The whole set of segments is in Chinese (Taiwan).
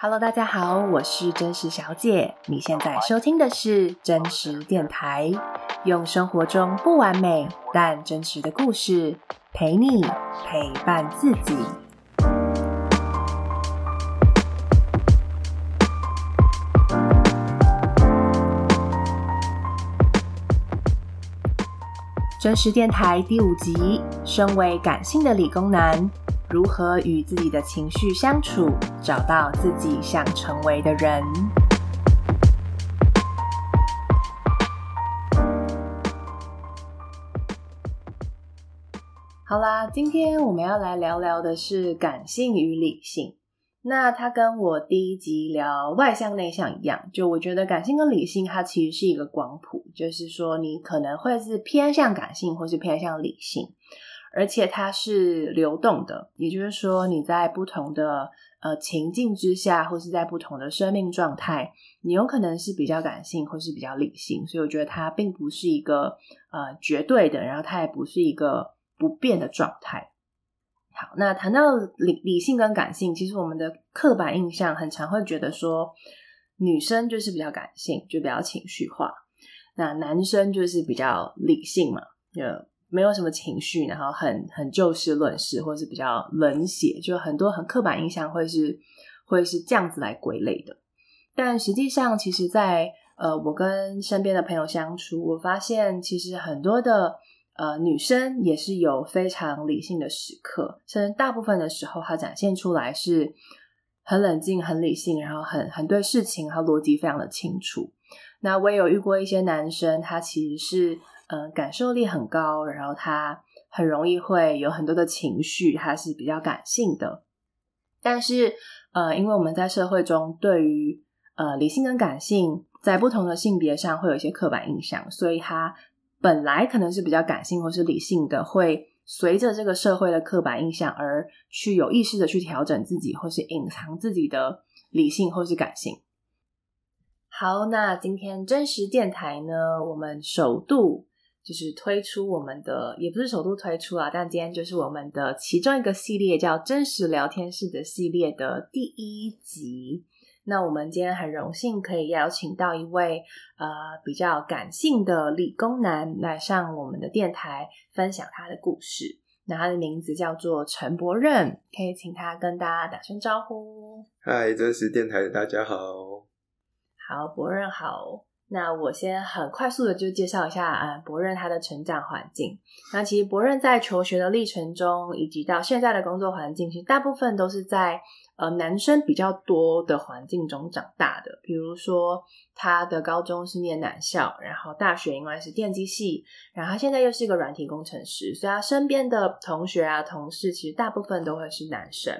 Hello，大家好，我是真實小姐。你現在收聽的是真實電台，用生活中不完美但真實的故事陪你陪伴自己。真實電台第五集，身為感性的理工男。如何與自己的情緒相處，找到自己想成為的人？好啦，今天我們要來聊聊的是感性與理性。那它跟我第一集聊外向內向一樣，就我覺得感性跟理性，它其實是一個光譜，就是說你可能會是偏向感性，或是偏向理性。而且它是流動的，也就是說，你在不同的呃情境之下，或是在不同的生命狀態，你有可能是比較感性，或是比較理性。所以，我覺得它並不是一個呃絕對的，然後它也不是一個不變的狀態。好，那談到理理性跟感性，其實我們的刻板印象很常會覺得說，女生就是比較感性，就比較情緒化；那男生就是比較理性嘛，就。沒有什麼情緒，然後很很就事論事，或是比較冷血，就很多很刻板印象會是會是這樣子來歸類的。但實際上，其實在、在呃，我跟身邊的朋友相處，我發現其實很多的呃女生也是有非常理性的時刻，甚至大部分的時候，她展現出來是很冷靜、很理性，然後很很對事情和邏輯非常的清楚。那我也有遇過一些男生，他其實是嗯，感受力很高，然後他很容易會有很多的情緒，他是比較感性的。但是，呃，因為我們在社會中對於呃理性跟感性在不同的性別上會有一些刻板印象，所以他本來可能是比較感性或是理性的，會隨着這個社會的刻板印象而去有意識的去調整自己，或是隱藏自己的理性或是感性。好，那今天真實電台呢，我們首度。就是推出我們的，也不是首度推出啊，但今天就是我們的其中一個系列，叫真實聊天室的系列的第一集。那我們今天很榮幸可以邀請到一位呃比較感性的理工男來上我們的電台分享他的故事。那他的名字叫做陳柏任，可以請他跟大家打聲招呼。嗨，真實電台的大家好。好，柏任好。那我先很快速的就介紹一下啊，柏任他的成長環境。那其實柏任在求學的歷程中，以及到現在的工作環境，其實大部分都是在呃男生比較多的環境中長大的。比如說他的高中是念男校，然後大學應該是電機系，然後他現在又是一個軟體工程師，所以他身邊的同學啊、同事，其實大部分都會是男生。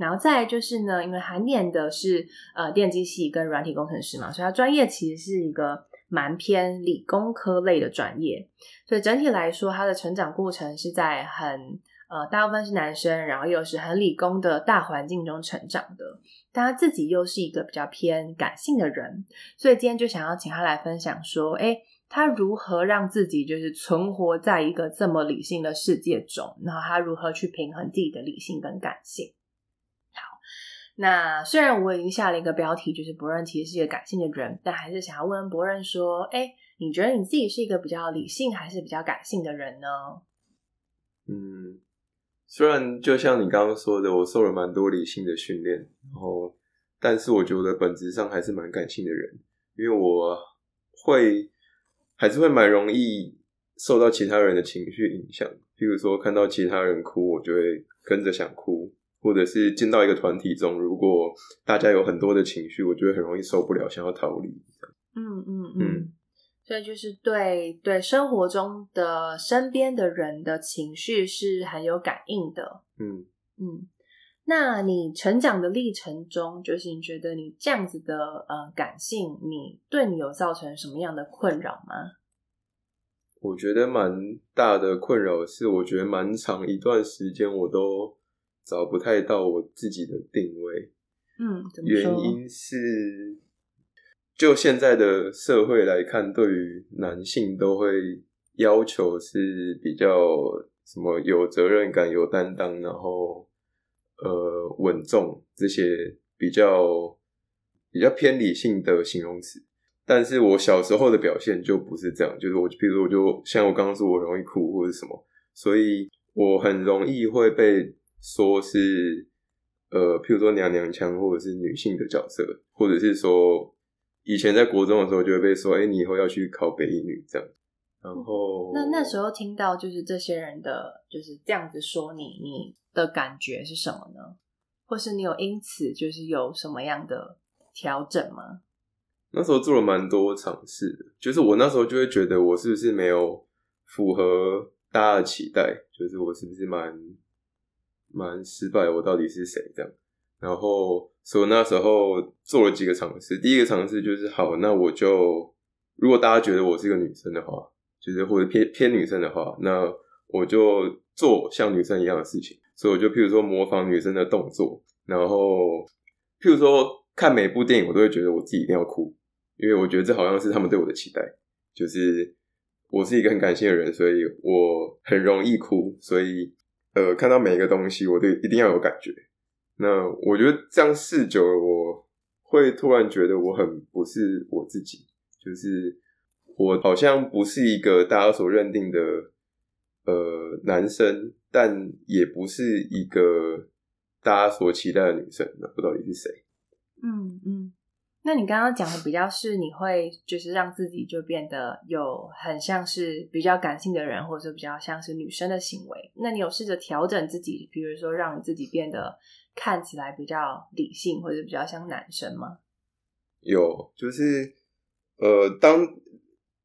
然後再來就是呢，因為他念的是呃電機系跟軟體工程師嘛，所以他專業其實是一個蠻偏理工科類的專業。所以整體來說，他的成長過程是在很呃大部分是男生，然後又是很理工的大環境中成長的。但他自己又是一個比較偏感性的人，所以今天就想要請他來分享說，哎，他如何讓自己就是存活在一個這麼理性的世界中，然後他如何去平衡自己的理性跟感性。那雖然我已經下了一個標題，就是柏任其實是一個感性的人，但還是想要問問柏任說，欸，你覺得你自己是一個比較理性，還是比較感性的人呢？嗯，雖然就像你剛剛說的，我受了蠻多理性的訓練，然後，但是我覺得本質上還是蠻感性的人，因為我會還是會蠻容易受到其他人的情緒影響，譬如說看到其他人哭，我就會跟着想哭。或者是進到一個團體中，如果大家有很多的情緒，我覺得很容易受不了，想要逃離，嗯，嗯嗯嗯，所以就是對，對生活中的身邊的人的情緒是很有感應的。嗯嗯，那你成長的歷程中，就是你覺得你這樣子的呃感性，你對你有造成什麼樣的困擾嗎？我覺得蠻大的困擾是，我覺得蠻長一段時間我都。找不太到我自己的定位，嗯，原因是就現在的社會來看，對於男性都會要求是比較什麼有責任感、有擔當，然後呃穩重這些比較比較偏理性的形容詞。但是我小時候的表現就不是這樣，就是我，比如說我就像我剛剛說，我容易哭或者什麼，所以我很容易會被。說是呃，譬如說娘娘腔，或者是女性的角色，或者是說以前在國中的時候就會被說，哎、欸，你以後要去考北一女這樣。然後、嗯、那那時候聽到就是這些人的就是這樣子說你，你的感覺是什麼呢？或是你有因此就是有什麼樣的調整嗎？那時候做了蠻多嘗試，就是我那時候就會覺得我是不是沒有符合大家的期待，就是我是不是蠻。蠻失敗的，我到底是誰這樣？然後，所以那時候做了幾個嘗試。第一個嘗試就是，好，那我就如果大家覺得我是一個女生的話，就是或者偏偏女生的話，那我就做像女生一樣的事情。所以我就譬如說模仿女生的動作，然後譬如說看每部電影，我都會覺得我自己一定要哭，因為我覺得這好像是他們對我的期待。就是我是一個很感性的人，所以我很容易哭，所以。呃，看到每一個東西，我都一定要有感覺。那我覺得這樣試久了，我會突然覺得我很不是我自己，就是我好像不是一個大家所認定的呃男生，但也不是一個大家所期待的女生。那我到底是誰？嗯？嗯嗯。那你剛剛講的比較是你會就是讓自己就變得有很像是比較感性的人，或者說比較像是女生的行為。那你有試着調整自己，比如說讓自己變得看起來比較理性，或者比較像男生嗎？有，就是呃，當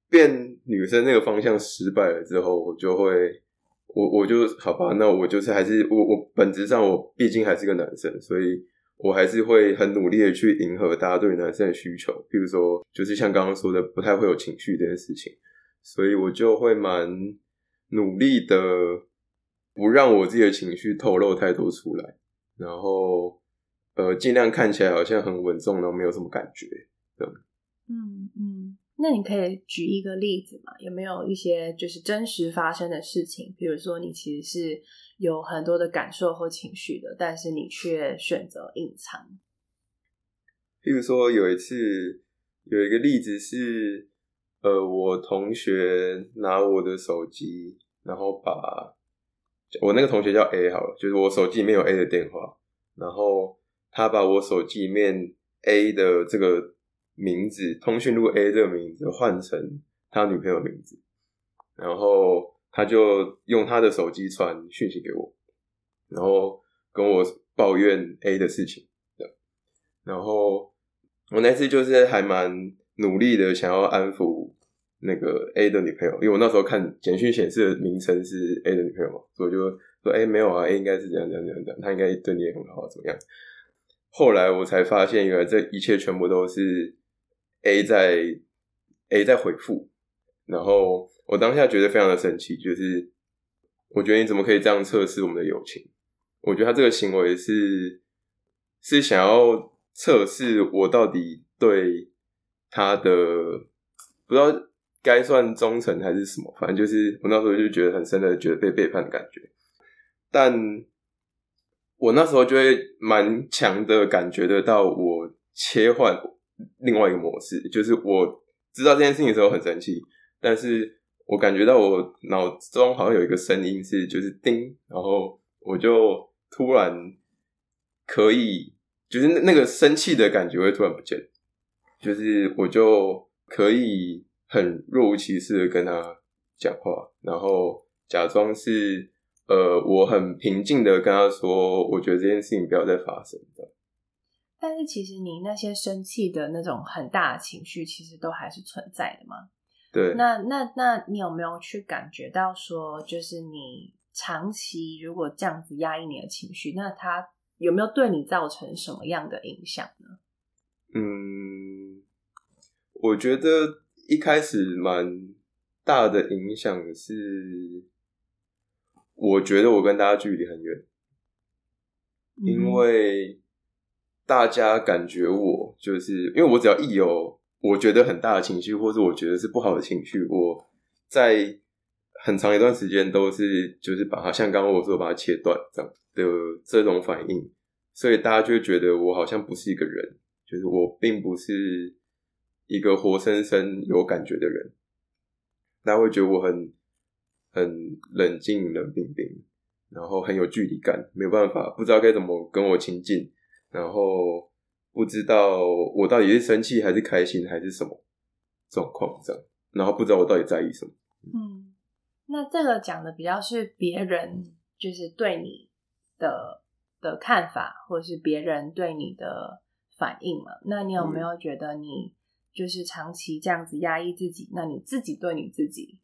變女生那個方向失敗了之後，我就會我我就好吧。那我就是還是我我本質上我畢竟還是個男生，所以。我還是會很努力的去迎合大家對於男生的需求，譬如說，就是像剛剛說的不太會有情緒這件事情，所以我就會蠻努力的，不讓我自己的情緒透露太多出來，然後，呃，盡量看起來好像很穩重，然後沒有什麼感覺，對。嗯嗯。嗯那你可以舉一個例子嘛？有沒有一些就是真實發生的事情？比如說你其實是有很多的感受或情緒的，但是你卻選擇隱藏。譬如說有一次有一個例子是，呃，我同學拿我的手機，然後把我那個同學叫 A 好了，就是我手機裡面有 A 的電話，然後他把我手機裡面 A 的這個。名字，通訊錄 A 這個名字換成他女朋友的名字，然後他就用他的手機傳訊息給我，然後跟我抱怨 A 的事情。對。然後我那次就是還蠻努力的想要安撫那個 A 的女朋友，因為我那時候看簡訊顯示的名稱是 A 的女朋友嘛，所以我就說：“哎、欸，沒有啊，A、欸、應該是這樣這樣這樣，他應該對你也很好、啊，怎麼樣？”後來我才發現，原來這一切全部都是。A 在，A 在回覆然後我當下覺得非常的生氣，就是我覺得你怎麼可以這樣測試我們的友情？我覺得他這個行為是是想要測試我到底對他的不知道該算忠誠還是什麼，反正就是我那時候就覺得很深的覺得被背叛的感覺，但我那時候就會蠻強的感覺得到我切換。另外一個模式就是，我知道這件事情的時候很生氣，但是我感覺到我腦中好像有一個聲音是就是叮，然後我就突然可以，就是那個生氣的感覺會突然不見，就是我就可以很若無其事的跟他講話，然後假裝是呃我很平靜的跟他說，我覺得這件事情不要再發生但是其實你那些生氣的那種很大的情緒，其實都還是存在的嘛。對，那那那你有沒有去感覺到說，就是你長期如果這樣子壓抑你的情緒，那它有沒有對你造成什麼樣的影響呢？嗯，我覺得一開始蠻大的影響是，我覺得我跟大家距離很遠，嗯，因為。大家感覺我就是，因為我只要一有我覺得很大的情緒，或是我覺得是不好的情緒，我在很長一段時間都是就是把它，像剛剛我說我把它切斷這樣的這種反應，所以大家就會覺得我好像不是一個人，就是我並不是一個活生生有感覺的人，大家會覺得我很很冷靜冷冰冰，然後很有距離感，沒有辦法，不知道該怎麼跟我親近。然後不知道我到底是生氣還是開心還是什麼狀況這樣，然後不知道我到底在意什麼。嗯，那這個講的比較是別人就是對你的的看法，或是別人對你的反應嘛。那你有沒有覺得你就是長期這樣子壓抑自己？那你自己對你自己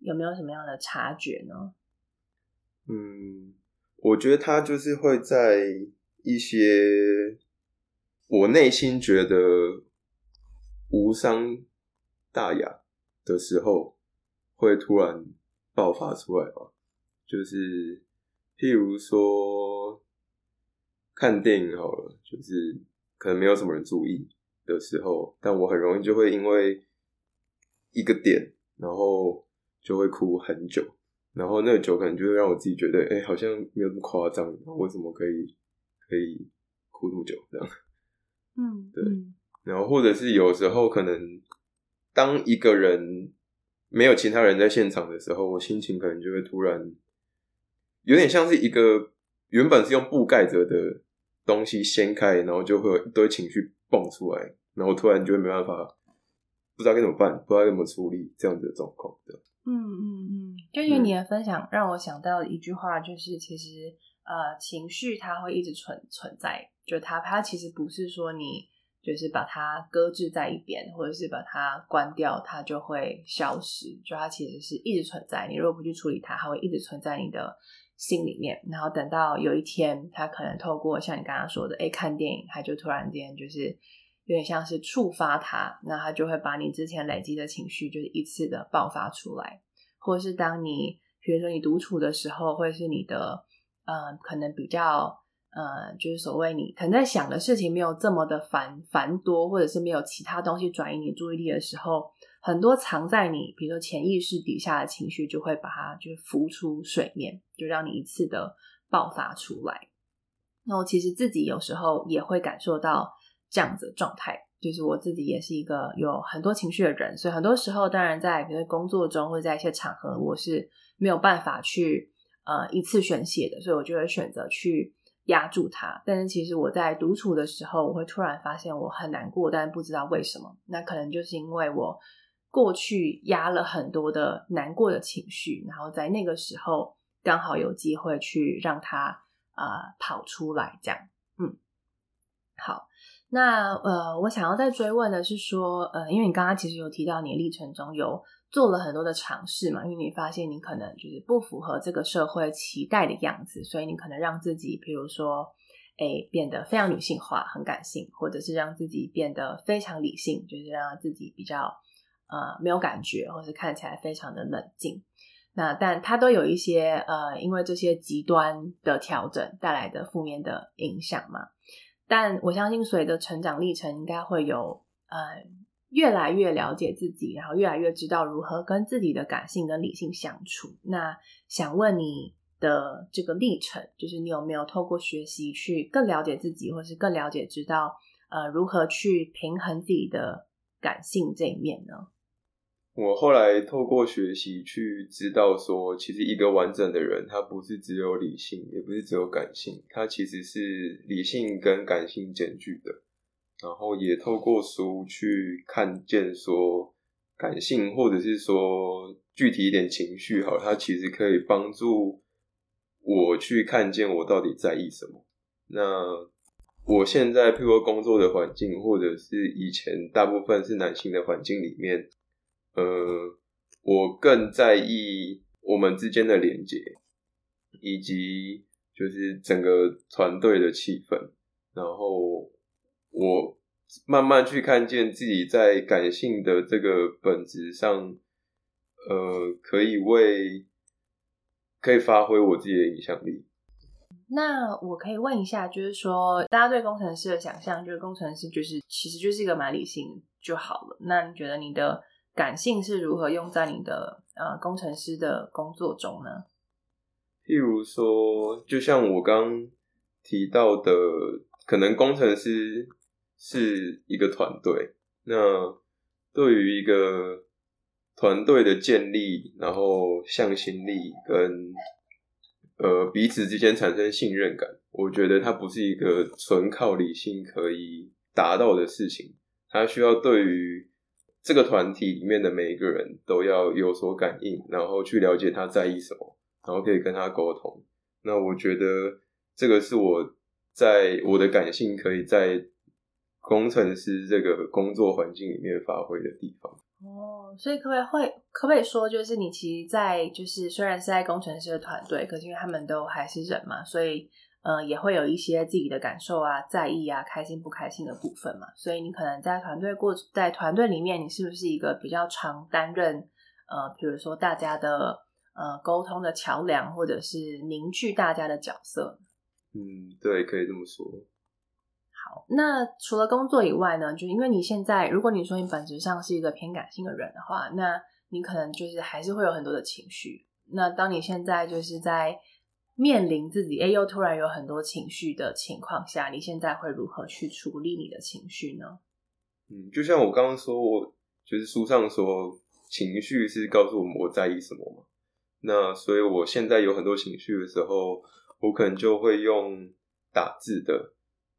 有沒有什麼樣的察覺呢？嗯，我覺得他就是會在。一些我內心覺得無傷大雅的時候，會突然爆發出來吧。就是譬如說看電影好了，就是可能沒有什麼人注意的時候，但我很容易就會因為一個點，然後就會哭很久，然後那個久可能就會讓我自己覺得，哎，好像沒有那麼誇張，為什麼可以？可以哭多久這樣？嗯，對。然後，或者是有時候，可能當一個人沒有其他人在現場的時候，我心情可能就會突然有點像是一個原本是用布蓋着的東西掀開，然後就會有一堆情緒蹦出來，然後突然就會沒辦法，不知道該怎麼辦，不知道該怎麼處理這樣子的狀況，嗯。嗯嗯嗯，根、嗯、據你的分享，讓我想到的一句話，就是其實。呃，情緒它會一直存存在，就它它其實不是說你就是把它擱置在一邊，或者是把它關掉，它就會消失。就它其實是一直存在，你如果不去處理它，它會一直存在你的心裡面。然後等到有一天，它可能透過像你剛剛說的，哎，看電影，它就突然間就是有點像是觸發它，那它就會把你之前累積的情緒，就是一次的爆發出來。或者是當你比如說你獨處的時候，或者是你的。嗯、呃，可能比較呃，就是所謂你可能在想的事情沒有這麼的繁繁多，或者是沒有其他東西轉移你注意力的時候，很多藏在你比如說潛意識底下的情緒就會把它就是浮出水面，就讓你一次的爆發出來。那我其實自己有時候也會感受到這樣子的狀態，就是我自己也是一個有很多情緒的人，所以很多時候當然在比如說工作中或者在一些場合，我是沒有辦法去。呃，一次宣洩的，所以我就會選擇去壓住它。但是其實我在獨處的時候，我會突然發現我很難過，但是不知道為什麼。那可能就是因為我過去壓了很多的難過的情緒，然後在那個時候剛好有機會去讓它啊、呃、跑出來，這樣。嗯，好。那呃，我想要再追問的是說，呃，因為你剛剛其實有提到你歷程中有。做了很多的嘗試嘛，因為你發現你可能就是不符合這個社會期待的樣子，所以你可能讓自己，譬如說，誒、欸、變得非常女性化，很感性，或者是讓自己變得非常理性，就是讓自己比較呃沒有感覺，或是看起來非常的冷靜。那但它都有一些呃，因為這些極端的調整帶來的負面的影響嘛。但我相信，隨著成長歷程應該會有呃。越來越了解自己，然後越來越知道如何跟自己的感性跟理性相處。那想問你的這個歷程，就是你有沒有透過學習去更了解自己，或是更了解知道呃如何去平衡自己的感性這一面呢？我後來透過學習去知道說，說其實一個完整的人，他不是只有理性，也不是只有感性，他其實是理性跟感性兼具的。然後也透過書去看見說，感性或者是說具體一點情緒，好，它其實可以幫助我去看見我到底在意什麼。那我現在，譬如說工作的環境，或者是以前大部分是男性的環境裡面，呃，我更在意我們之間的連接，以及就是整個團隊的氣氛，然後。我慢慢去看見自己在感性的這個本質上，呃，可以為可以發揮我自己的影響力。那我可以問一下，就是說，大家對工程師的想象，就是工程師就是其實就是一個蠻理性就好了。那你覺得你的感性是如何用在你的，呃，工程師的工作中呢？譬如說，就像我剛提到的，可能工程師。是一個團隊。那對於一個團隊的建立、然後向心力跟呃彼此之間產生信任感，我覺得它不是一個純靠理性可以達到的事情。它需要對於這個團體裡面的每一個人都要有所感應，然後去了解他在意什麼，然後可以跟他溝通。那我覺得這個是我在我的感性可以在工程師這個工作環境裡面發揮的地方哦，所以可不可以，可不可以說，就是你其實在，在就是雖然是在工程師的團隊，可是因為他們都還是人嘛，所以呃，也會有一些自己的感受啊，在意啊，開心不開心的部分嘛。所以你可能在團隊過，在團隊裡面，你是不是一個比較常擔任呃，比如說大家的呃溝通的橋樑，或者是凝聚大家的角色？嗯，對，可以這麼說。那除了工作以外呢，就因為你現在，如果你說你本質上是一個偏感性的人的話，那你可能就是還是會有很多的情緒。那當你現在就是在面臨自己，哎，又突然有很多情緒的情況下，你現在會如何去處理你的情緒呢？嗯，就像我剛剛說，我就是書上說，情緒是告訴我們我在意什麼嘛。那所以我現在有很多情緒的時候，我可能就會用打字的。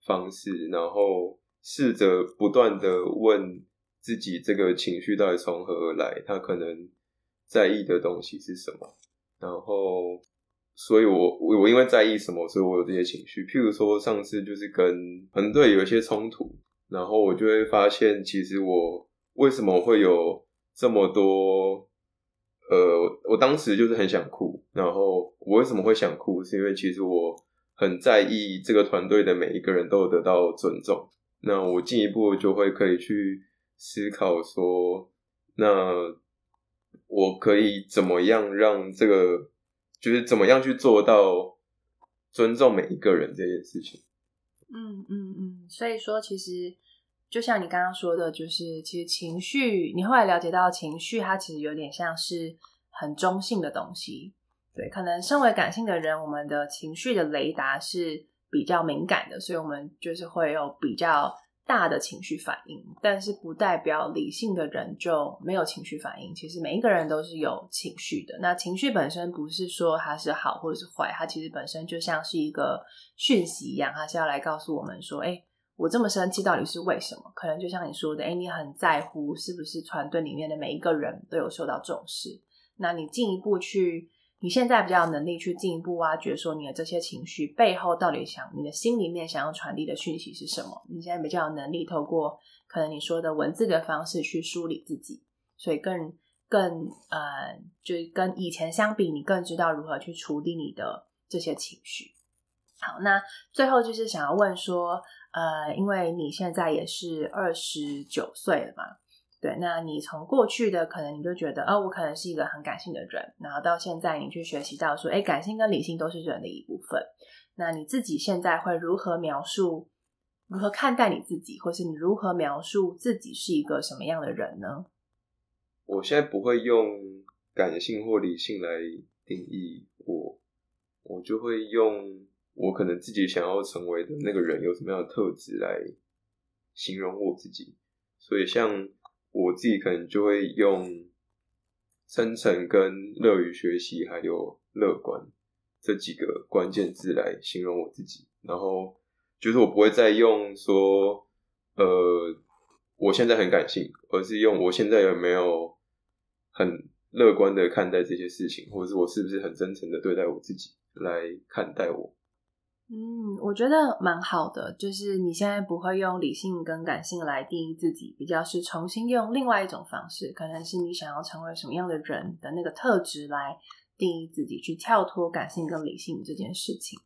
方式，然後試着不斷的問自己，這個情緒到底從何而來？他可能在意的東西是什麼？然後，所以我，我我我因為在意什麼，所以我有這些情緒。譬如說，上次就是跟團隊有一些衝突，然後我就會發現，其實我為什麼會有這麼多，呃，我當時就是很想哭。然後我為什麼會想哭？是因為其實我。很在意這個團隊的每一個人都得到尊重。那我進一步就會可以去思考說，那我可以怎麼樣讓這個，就是怎麼樣去做到尊重每一個人這件事情？嗯嗯嗯。所以說，其實就像你剛剛說的，就是其實情緒，你後來了解到情緒，它其實有點像是很中性的東西。對，可能身為感性的人，我們的情緒的雷達是比較敏感的，所以我們就是會有比較大的情緒反應。但是不代表理性的人就沒有情緒反應。其實每一個人都是有情緒的。那情緒本身不是說它是好或者是壞，它其實本身就像是一個訊息一樣，它是要來告訴我們說：“欸，我這麼生氣到底是為什麼？”可能就像你說的，“欸，你很在乎是不是團隊裡面的每一個人都有受到重視？”那你進一步去。你現在比較有能力去進一步挖掘，說你的這些情緒背後到底想，你的心裡面想要傳遞的訊息是什麼？你現在比較有能力透過可能你說的文字的方式去梳理自己，所以更更呃，就跟以前相比，你更知道如何去處理你的這些情緒。好，那最後就是想要問說，呃，因為你現在也是二十九歲了嘛。對，那你從過去的可能你就覺得，哦，我可能是一個很感性的人，然後到現在你去學習到說，誒，感性跟理性都是人的一部分。那你自己現在會如何描述？如何看待你自己，或是你如何描述自己是一個什麼樣的人呢？我現在不會用感性或理性來定義我，我就會用我可能自己想要成為的那個人有什麼樣的特質來形容我自己。所以像。我自己可能就會用真誠、跟樂於學習，還有樂觀這幾個關鍵字來形容我自己。然後就是我不會再用說，呃，我現在很感性，而是用我現在有沒有很樂觀的看待這些事情，或者是我是不是很真誠的對待我自己來看待我。嗯，我覺得蠻好的，就是你現在不會用理性跟感性來定義自己，比較是重新用另外一種方式，可能是你想要成為什麼樣的人的那個特質來定義自己，去跳脫感性跟理性這件事情。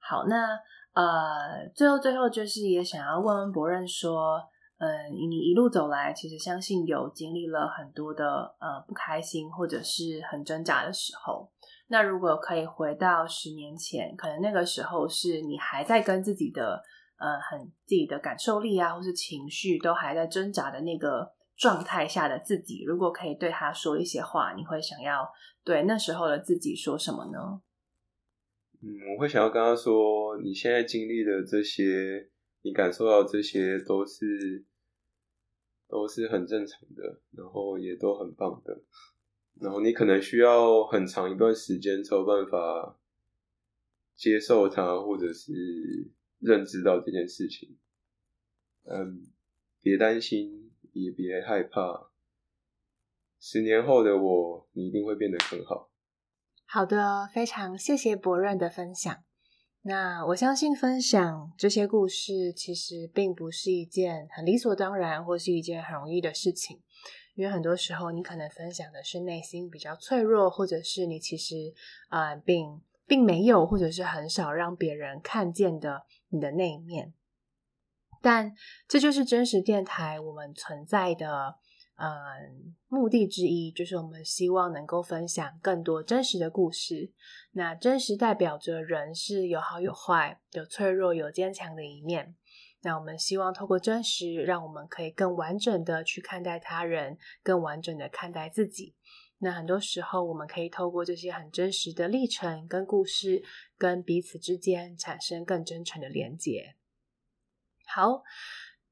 好，那呃，最後最後就是也想要問問柏任說，嗯、呃，你一路走來，其實相信有經歷了很多的呃不開心或者是很掙扎的時候。那如果可以回到十年前，可能那個時候是你還在跟自己的呃很自己的感受力啊，或是情緒都還在掙扎的那個狀態下的自己。如果可以對他說一些話，你會想要對那時候的自己說什麼呢？嗯，我會想要跟他說，你現在經歷的這些，你感受到的這些都是都是很正常的，然後也都很棒的。你可能需要很長一段時間才有辦法接受它，或者是認知到這件事情。嗯，別擔心，也別害怕。十年後的我，你一定會變得很好。好的、哦，非常謝謝柏任的分享。那我相信，分享這些故事其實並不是一件很理所當然，或是一件很容易的事情。因為很多時候，你可能分享的是內心比較脆弱，或者是你其實，啊、呃、並並沒有，或者是很少讓別人看見的你的那一面。但這就是真實電台我們存在的，嗯、呃，目的之一，就是我們希望能夠分享更多真實的故事。那真實代表着人是有好有壞、有脆弱有堅強的一面。那我們希望透過真實，讓我們可以更完整的去看待他人，更完整的看待自己。那很多時候，我們可以透過這些很真實的歷程跟故事，跟彼此之間產生更真誠的連結。好，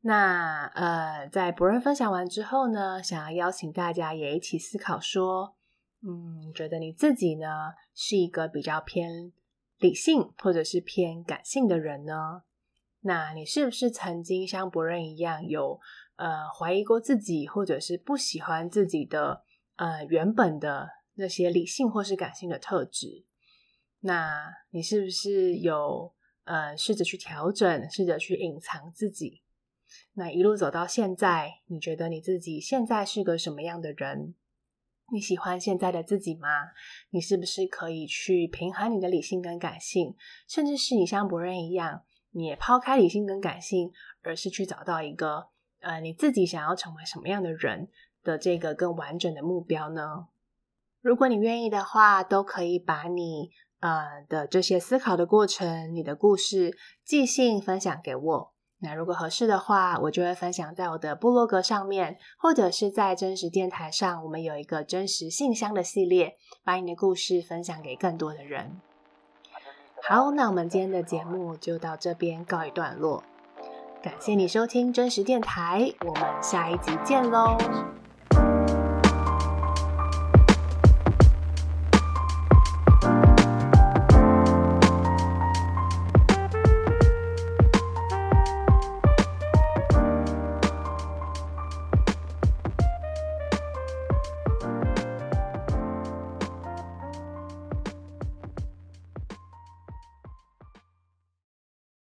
那呃，在柏任分享完之後呢，想要邀請大家也一起思考說，嗯，覺得你自己呢，是一個比較偏理性，或者是偏感性的人呢？那你是不是曾經像柏任一樣有呃懷疑過自己，或者是不喜歡自己的呃原本的那些理性或是感性的特質？那你是不是有呃試着去調整，試着去隱藏自己？那一路走到現在，你覺得你自己現在是個什麼樣的人？你喜歡現在的自己嗎？你是不是可以去平衡你的理性跟感性，甚至是你像柏任一樣？你也拋開理性跟感性，而是去找到一個，呃，你自己想要成為什麼樣的人的這個更完整的目標呢？如果你願意的話，都可以把你的呃的這些思考的過程、你的故事寄信分享給我。那如果合適的話，我就會分享在我的部落格上面，或者是在真實電台上，我們有一個真實信箱的系列，把你的故事分享給更多的人。好，那我們今天的節目就到這邊告一段落。感謝你收聽《真實電台》，我們下一集見嘍。